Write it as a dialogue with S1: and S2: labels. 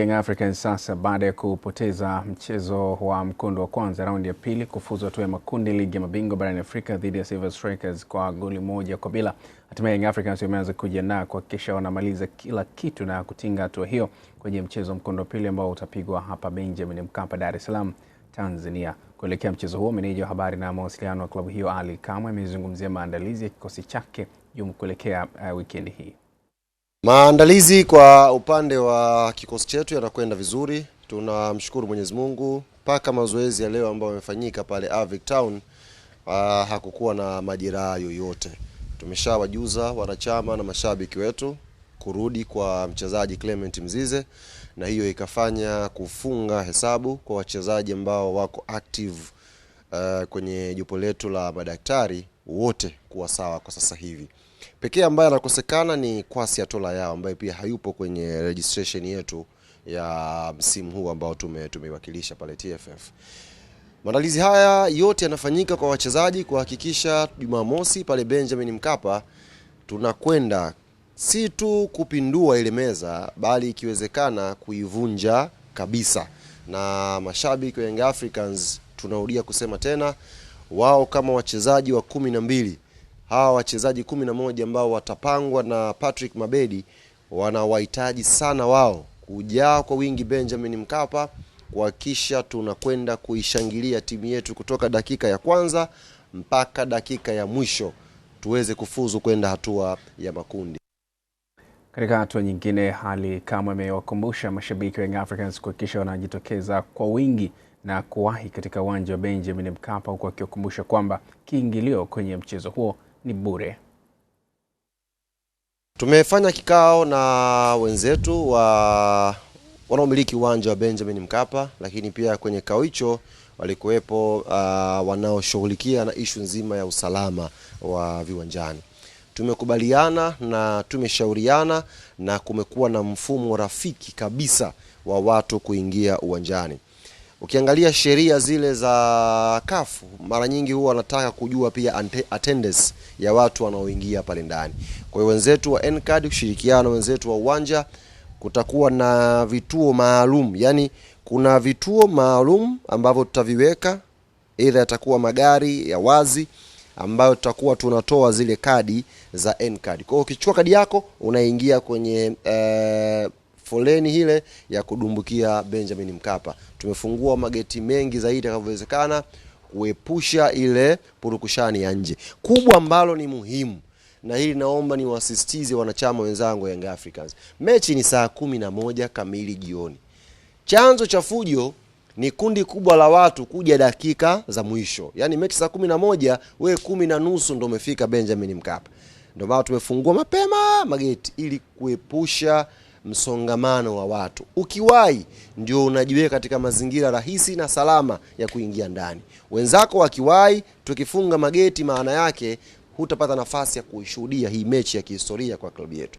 S1: Young Africans sasa baada ya kupoteza mchezo wa mkondo wa kwanza raundi ya pili kufuzu hatua ya makundi ligi ya mabingwa barani Afrika dhidi ya Silver Strikers kwa goli moja kwa bila, hatimaye Young Africans wameanza kujiandaa kuhakikisha wanamaliza kila kitu na kutinga hatua hiyo kwenye mchezo wa mkondo wa pili ambao utapigwa hapa Benjamin Mkapa, Dar es Salaam, Tanzania. Kuelekea mchezo huo, meneja wa habari na mawasiliano wa klabu hiyo Ali Kamwe amezungumzia maandalizi ya kikosi chake jumu kuelekea uh, wikendi hii.
S2: Maandalizi kwa upande wa kikosi chetu yanakwenda vizuri, tunamshukuru Mwenyezi Mungu. Mpaka mazoezi ya leo ambayo yamefanyika pale Avic Town uh, hakukuwa na majeraha yoyote. Tumeshawajuza wanachama na mashabiki wetu kurudi kwa mchezaji Clement Mzize, na hiyo ikafanya kufunga hesabu kwa wachezaji ambao wako active uh, kwenye jopo letu la madaktari wote kuwa sawa kwa sasa hivi. Pekee ambaye anakosekana ni Kwasi Atola yao ambaye pia hayupo kwenye registration yetu ya msimu huu ambao tume tumeiwakilisha pale TFF. Maandalizi haya yote yanafanyika kwa wachezaji kuhakikisha Jumamosi pale Benjamin Mkapa tunakwenda si tu kupindua ile meza bali ikiwezekana kuivunja kabisa. Na mashabiki wa Young Africans tunarudia kusema tena wao kama wachezaji wa kumi na mbili hawa wachezaji kumi na moja ambao watapangwa na Patrick Mabedi wanawahitaji sana wao kujaa kwa wingi Benjamin Mkapa kuhakikisha tunakwenda kuishangilia timu yetu kutoka dakika ya kwanza mpaka dakika ya mwisho tuweze kufuzu kwenda hatua ya makundi.
S1: Katika hatua nyingine, hali kama imewakumbusha mashabiki wa Africans kuhakikisha wanajitokeza kwa wingi na kuwahi katika uwanja wa Benjamin Mkapa, huku akiwakumbusha kwamba kiingilio kwenye mchezo huo ni bure.
S2: Tumefanya kikao na wenzetu wa wanaomiliki uwanja wa Benjamin Mkapa, lakini pia kwenye kikao hicho walikuwepo uh, wanaoshughulikia na ishu nzima ya usalama wa viwanjani. Tumekubaliana na tumeshauriana na kumekuwa na mfumo rafiki kabisa wa watu kuingia uwanjani. Ukiangalia sheria zile za kafu mara nyingi huwa wanataka kujua pia attendance ya watu wanaoingia pale ndani. Kwa hiyo wenzetu wa Ncard kushirikiana na wenzetu wa uwanja, kutakuwa na vituo maalum, yani kuna vituo maalum ambavyo tutaviweka, ila yatakuwa magari ya wazi ambayo tutakuwa tunatoa zile kadi za Ncard. Kwa hiyo ukichukua kadi yako unaingia kwenye uh, foleni ile ya kudumbukia Benjamin Mkapa. Tumefungua mageti mengi zaidi itakavyowezekana kuepusha ile purukushani ya nje. Kubwa ambalo ni muhimu na hili naomba niwasisitize wanachama wenzangu wa Young Africans, mechi ni saa kumi na moja kamili jioni. Chanzo cha fujo ni kundi kubwa la watu kuja dakika za mwisho, yaani mechi saa kumi na moja we kumi na nusu ndo umefika Benjamin Mkapa. Ndio maana tumefungua mapema mageti ili kuepusha msongamano wa watu. Ukiwahi ndio unajiweka katika mazingira rahisi na salama ya kuingia ndani. Wenzako wakiwahi, tukifunga mageti, maana yake hutapata nafasi ya kuishuhudia hii mechi ya kihistoria kwa klabu yetu.